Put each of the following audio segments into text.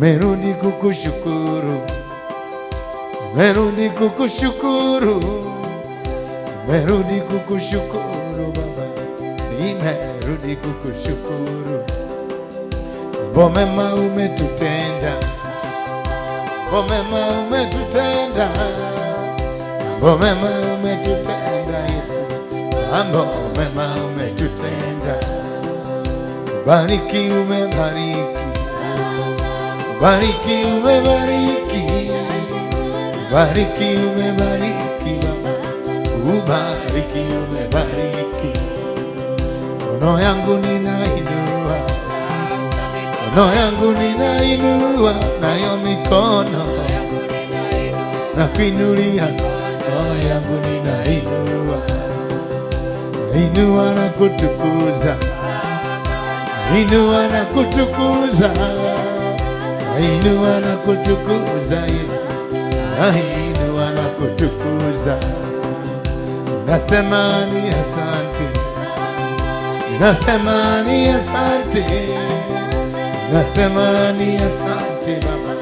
Merudi kukushukuru, merudi kukushukuru, merudi kukushukuru Baba, nimerudi kukushukuru. Mambo mema umetutenda, mambo mema umetutenda, mambo mema umetutenda Yesu, mambo mema umetutenda, bariki umebariki Bariki umebariki, bariki umebariki, ubariki umebariki. Mikono yangu ninainua, mikono yangu ninainua, nayo mikono napinulia, mikono yangu ninainua, nainua na kutukuza, nainua na kutukuza Ainua na kutukuza Yesu, ainua na kutukuza. Nasema ni asante, nasema ni asante, nasema ni asante Baba,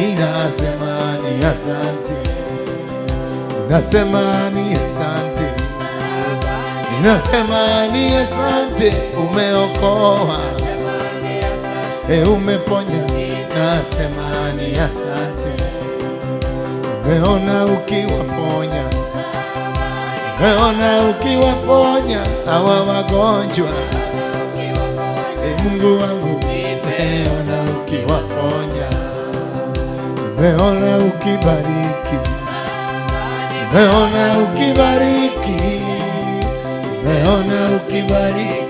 inasema ni asante, nasema ni asante, inasema ni asante, umeokoa, eh, umeponya tunasema ni asante. Nimeona ukiwaponya, nimeona ukiwaponya hawa wagonjwa. E Mungu wangu, nimeona ukiwaponya, nimeona ukibariki, nimeona ukibariki, nimeona ukibariki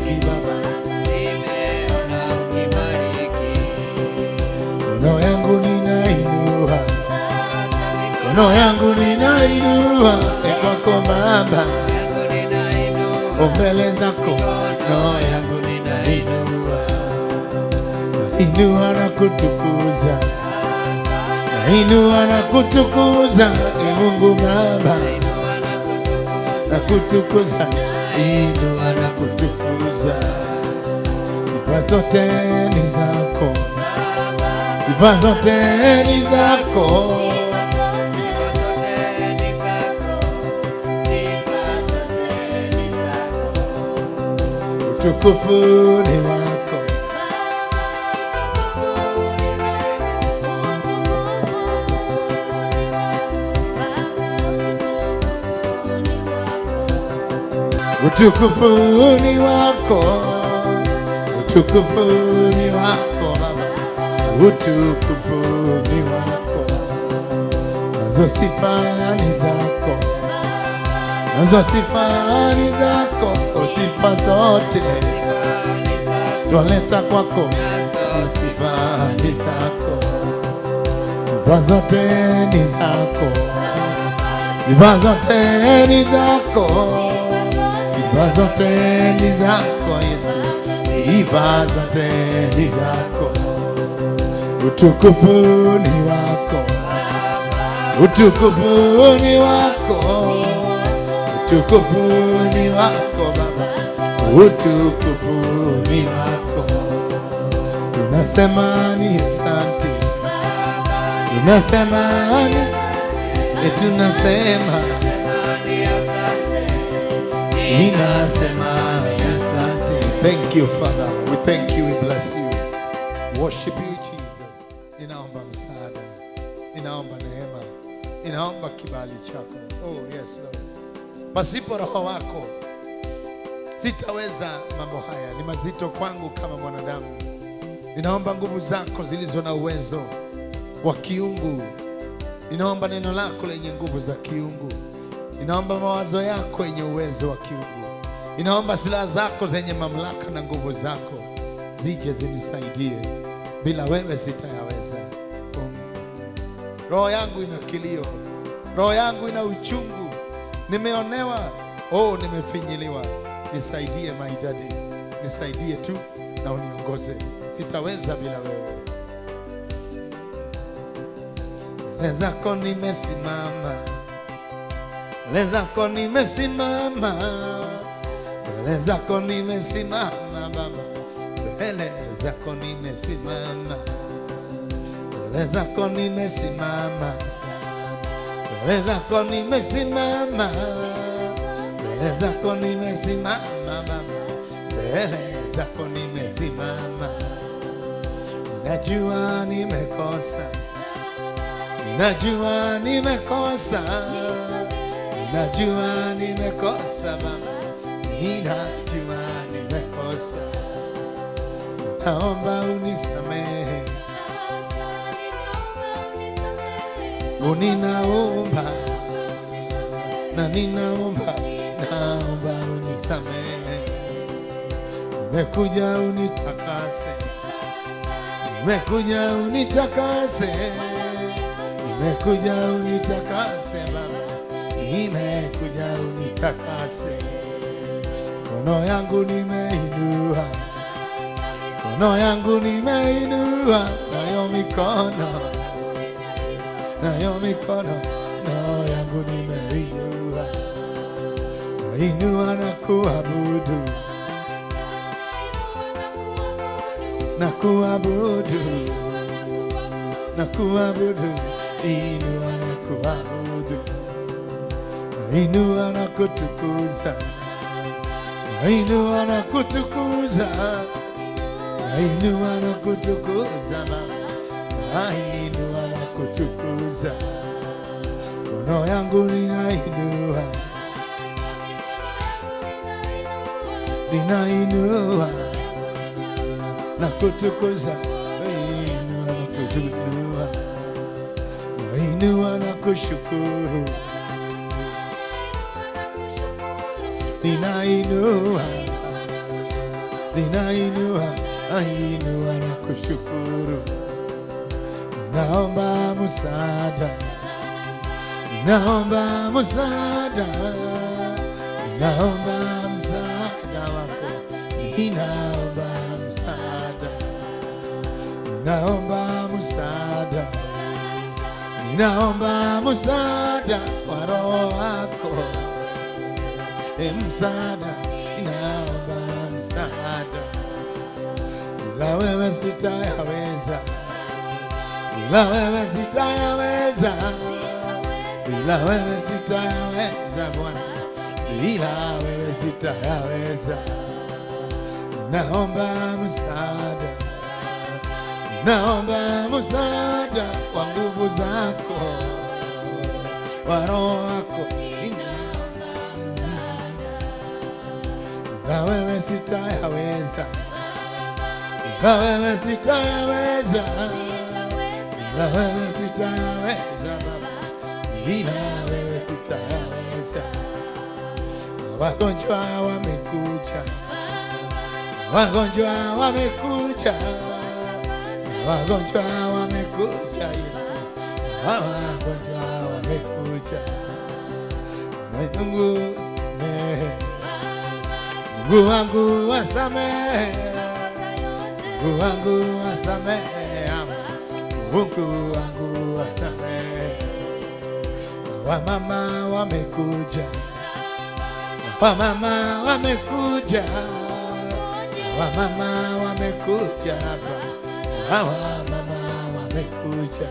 Mikono yangu ninainua kwako Baba, mbele zako mikono yangu ninainua, nainua na kutukuza, nainua na kutukuza e Mungu Baba, na kutukuza, inua na kutukuza, sifa zote ni zako, sifa zote ni zako Utukufu ni wako Utukufu ni wako, utukufu ni wako utukufu ni wako, nazo sifa ni zako nazo sifa ni yaani zako, sifa zote twaleta kwako, sifa ni zako, sifa zote ni zako, sifa zote ni zako, sifa zote ni zako Yesu, sifa zote ni zako, utukufu ni wako, utukufu ni wako utukufu ni wako Baba, utukufu ni wako. Tunasema ni asante, tunasema ni e, tunasema ninasema asante. Thank you Father, we thank you, we bless you, worship you Jesus. Ninaomba msaada, ninaomba neema, ninaomba kibali chako. Oh yes Lord. Pasipo roho wako sitaweza mambo haya, ni mazito kwangu kama mwanadamu. Ninaomba nguvu zako zilizo na uwezo wa kiungu, ninaomba neno lako lenye nguvu za kiungu, ninaomba mawazo yako yenye uwezo wa kiungu, ninaomba silaha zako zenye mamlaka na nguvu zako zije zinisaidie, bila wewe sitayaweza. roho yangu ina kilio, roho yangu ina uchungu nimeonewa, oh, nimefinyiliwa, nisaidie maidadi, nisaidie tu na uniongoze, sitaweza bila wewe. Mbele zako nimesimama, mbele zako nimesimama, mbele zako nimesimama Baba, mbele zako nimesimama, mbele zako nimesimama mbele zako nimesimama, mbele zako nimesimama, mbele zako nimesimama. Najua nimekosa, najua nimekosa, najua nimekosa Baba, najua nimekosa, naomba unisamehe o, oh, ninaomba na ninaomba, naomba unisamehe. Nimekuja unitakase, nimekuja unitakase, nimekuja unitakase Baba, nimekuja unitakase. mkono yangu nimeinua, kono yangu nimeinua, nayo mikono nayo mikono no yangu nimeinua, nainua na kuabudu na kuabudu na kuabudu, inua na kuabudu, inua na kutukuza, inua na kutukuza, inua na kutukuza, inua kukutukuza, kono yangu ninainua, ninainua na kutukuza, nainua na kutuinua, nainua na kushukuru, ninainua, ninainua, nainua na kushukuru nina naomba msaada, naomba msaada, naomba msaada wako, ninaomba msaada, naomba msaada, naomba msaada wa Roho wako, msaada, naomba msaada, bila wewe sitaweza bila wewe sitayaweza, bila wewe sitayaweza Bwana, bila wewe sitayaweza. Naomba msaada, naomba msaada wa nguvu zako, wa Roho wako. Bila wewe sitayaweza, bila wewe sitayaweza bila wewe sitaweza Baba, bila wewe sitaweza. Wagonjwa wamekuja, wagonjwa wamekuja, wagonjwa wamekuja, Yesu, wagonjwa wamekuja. Mungu samehe, Mungu wangu wasamehe, Mungu wangu wasamehe Mungu wangu wasamehe, wamama wamekuja, wamama wamekuja, wamama wamekuja hapa, wamama wamekuja,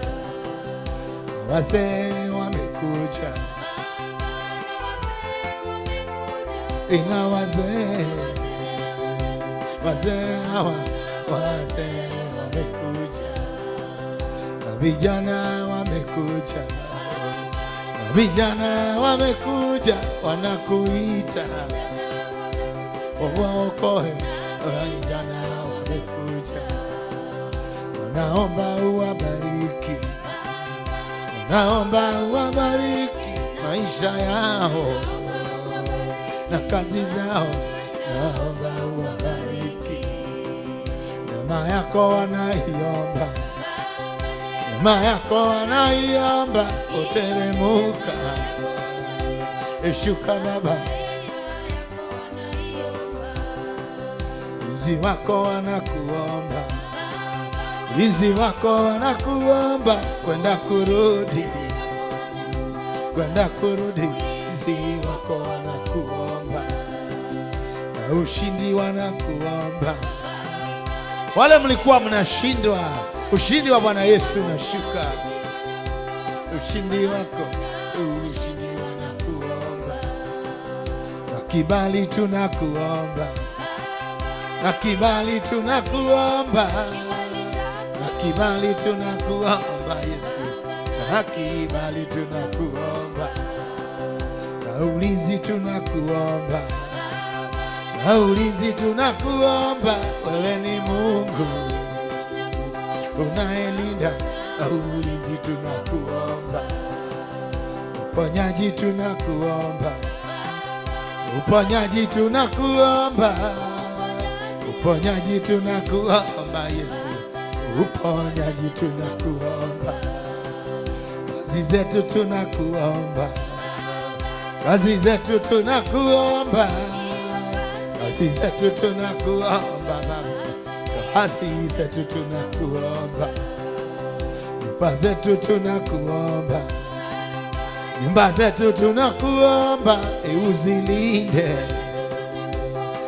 wazee wamekuja, ina wazee wazee hawa wazee Vijana wamekuja, vijana wamekuja, wanakuita waokoe. Vijana wamekuja, wanaomba uwabariki, wanaomba uwabariki maisha yao na kazi zao, naomba uwabariki. Mama yako wanaiomba Neema yako wanaiomba oteremuka eshuka na ba wako wanakuomba, wizi wako wanakuomba kwenda kurudi, kwenda kurudi, wizi wako wanakuomba na ushindi wanakuomba, wale mlikuwa mnashindwa Ushindi wa Bwana Yesu unashuka, ushindi wako, ushindi tunakuomba, na kibali tunakuomba, na kibali tunakuomba, na kibali tunakuomba Yesu, na kibali tunakuomba, na ulinzi tunakuomba, na ulinzi tunakuomba, wewe ni Mungu unayelinda ulinzi, tunakuomba uponyaji, tunakuomba uponyaji, tunakuomba uponyaji, tunakuomba Yesu, uponyaji, tunakuomba kazi zetu, tunakuomba kazi zetu, tunakuomba kazi zetu, tunakuomba Baba nafasi zetu tunakuomba, nyumba zetu tunakuomba, nyumba zetu tunakuomba, e uzilinde,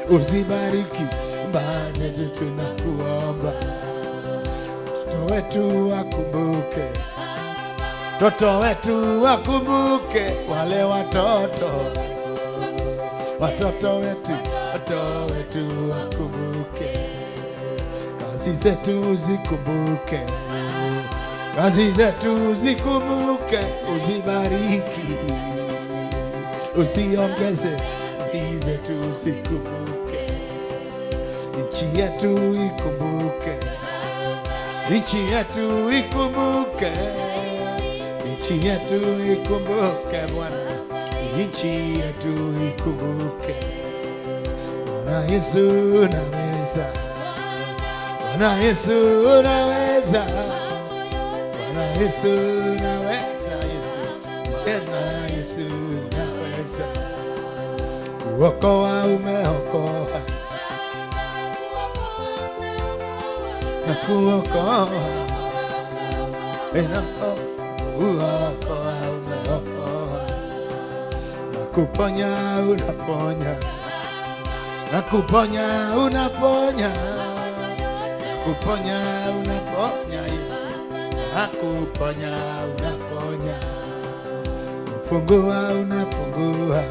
uzibariki nyumba zetu tunakuomba, mtoto wetu wakumbuke, mtoto wetu wakumbuke, wale watoto watoto wetu, watoto wetu wakumbuke kazi zetu zikumbuke, kazi zetu zikumbuke, uzibariki, usiongeze, kazi zetu zikumbuke, nchi yetu ikumbuke, nchi yetu ikumbuke, nchi yetu ikumbuke, Bwana, nchi yetu ikumbuke, Bwana Yesu naweza Bwana Yesu unaweza, Bwana Yesu unaweza, Yesu Bwana Yesu unaweza kuokoa, umeokoa na kuokoa na kuokoa, umeokoa na kuponya, unaponya na kuponya, unaponya Unakuponya, unaponya Yesu, unakuponya, unaponya, unafungua, unafungua,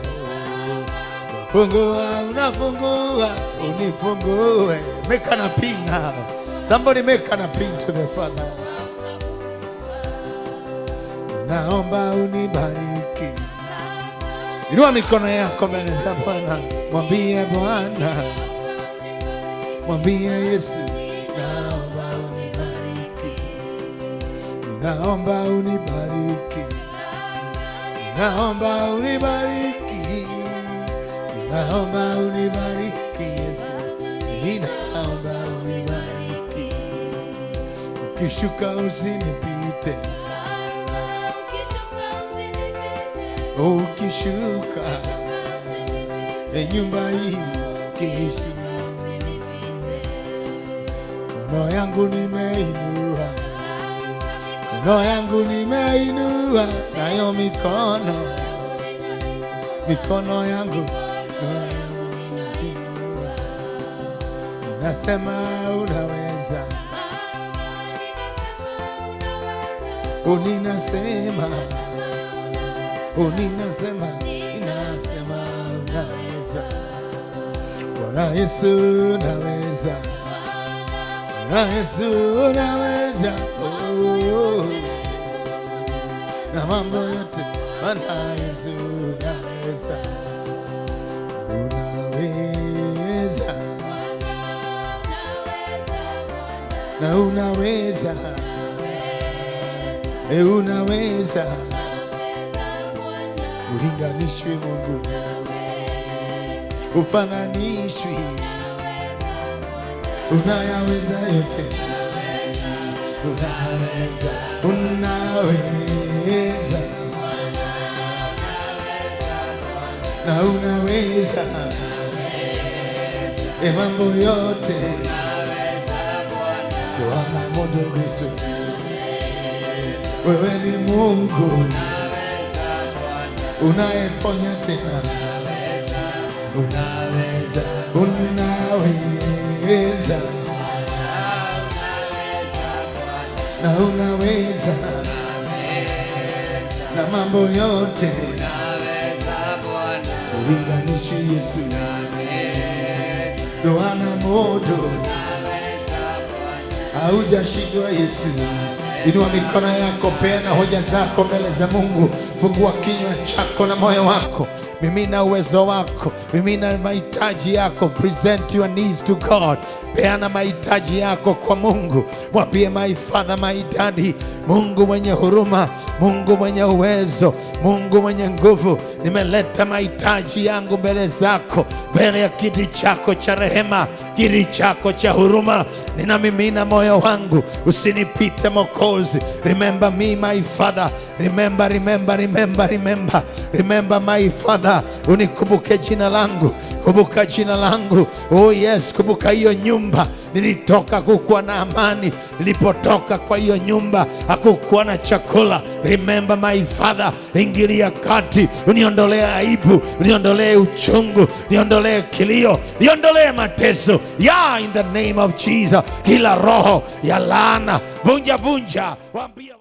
unafungua, unafungua, unifungue. Make an appeal now. Somebody make an appeal to the Father. Naomba unibariki. Inua mikono yako mbele za Bwana, mwambie Bwana, mwambie Yesu naomba unibariki, naomba unibariki, naomba unibariki Yesu, ninaomba unibariki, ukishuka usinipite, ukishuka e nyumba hii kishuka, mikono yangu nimeinua Roho yangu nimeinua nayo mikono, mikono yangu nasema unaweza, uninasema uninasema inasema unaweza, Bwana Yesu unaweza, Bwana Yesu unaweza na mambo yote, maana Yesu unaweza, unaweza na unaweza, e, unaweza ulinganishwe Mungu ufananishwi, unayaweza yote unaweza, unaweza, na unaweza e, mambo yote Yohana mdogo Yesu, wewe ni Mungu unayeponya tena, unaweza, unaweza, unaweza na unaweza na mambo yote uinganishi Yesu doana modo haujashindwa Yesu. Inua mikono yako, peana hoja zako mbele za Mungu. Fungua kinywa chako na moyo wako, mimi na uwezo wako, mimina mahitaji yako. Present your needs to God, peana mahitaji yako kwa Mungu. Mwambie my father, my daddy. Mungu mwenye huruma, Mungu mwenye uwezo, Mungu mwenye nguvu, nimeleta mahitaji yangu mbele zako, mbele ya kiti chako cha rehema, kiti chako cha huruma, ninamimina moyo wangu, usinipite moko souls. Remember me my Father, remember, remember, remember, remember, remember my Father. Unikumbuke jina langu, kubuka jina langu. Oh yes, kubuka hiyo nyumba nilitoka, kukuwa na amani. Nilipotoka kwa hiyo nyumba hakukuwa na chakula. Remember my Father, ingilia kati, uniondolee aibu, uniondolee uchungu, niondolee kilio, niondolee mateso ya yeah, in the name of Jesus. Kila roho ya laana vunja vunja Yeah.